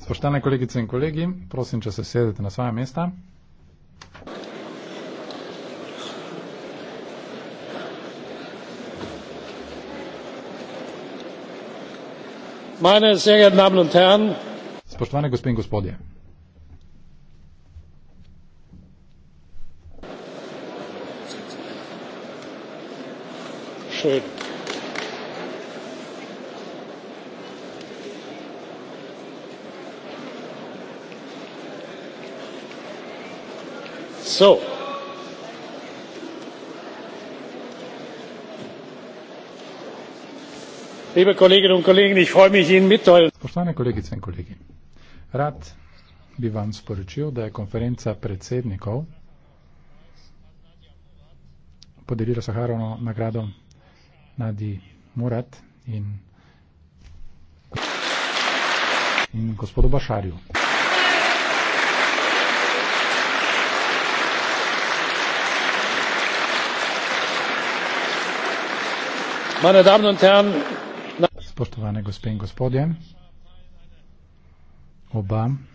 Spoštovane kolegice in kolegi, prosim, če se sedete na svoje mesta. Spoštovane gospe in gospodje. Schön. So. Liebe Kolleginnen und Kollegen, ich freue mich Ihnen mitteilen. Spoštovane kolegice in kolegi, rad bi vam sporočil, da je konferenca predsednikov podelila Saharovno nagrado Nadi Murat in, in gospodu Bašarju. spoštovane gospe in gospodje oba sta bila izjemno uspešna.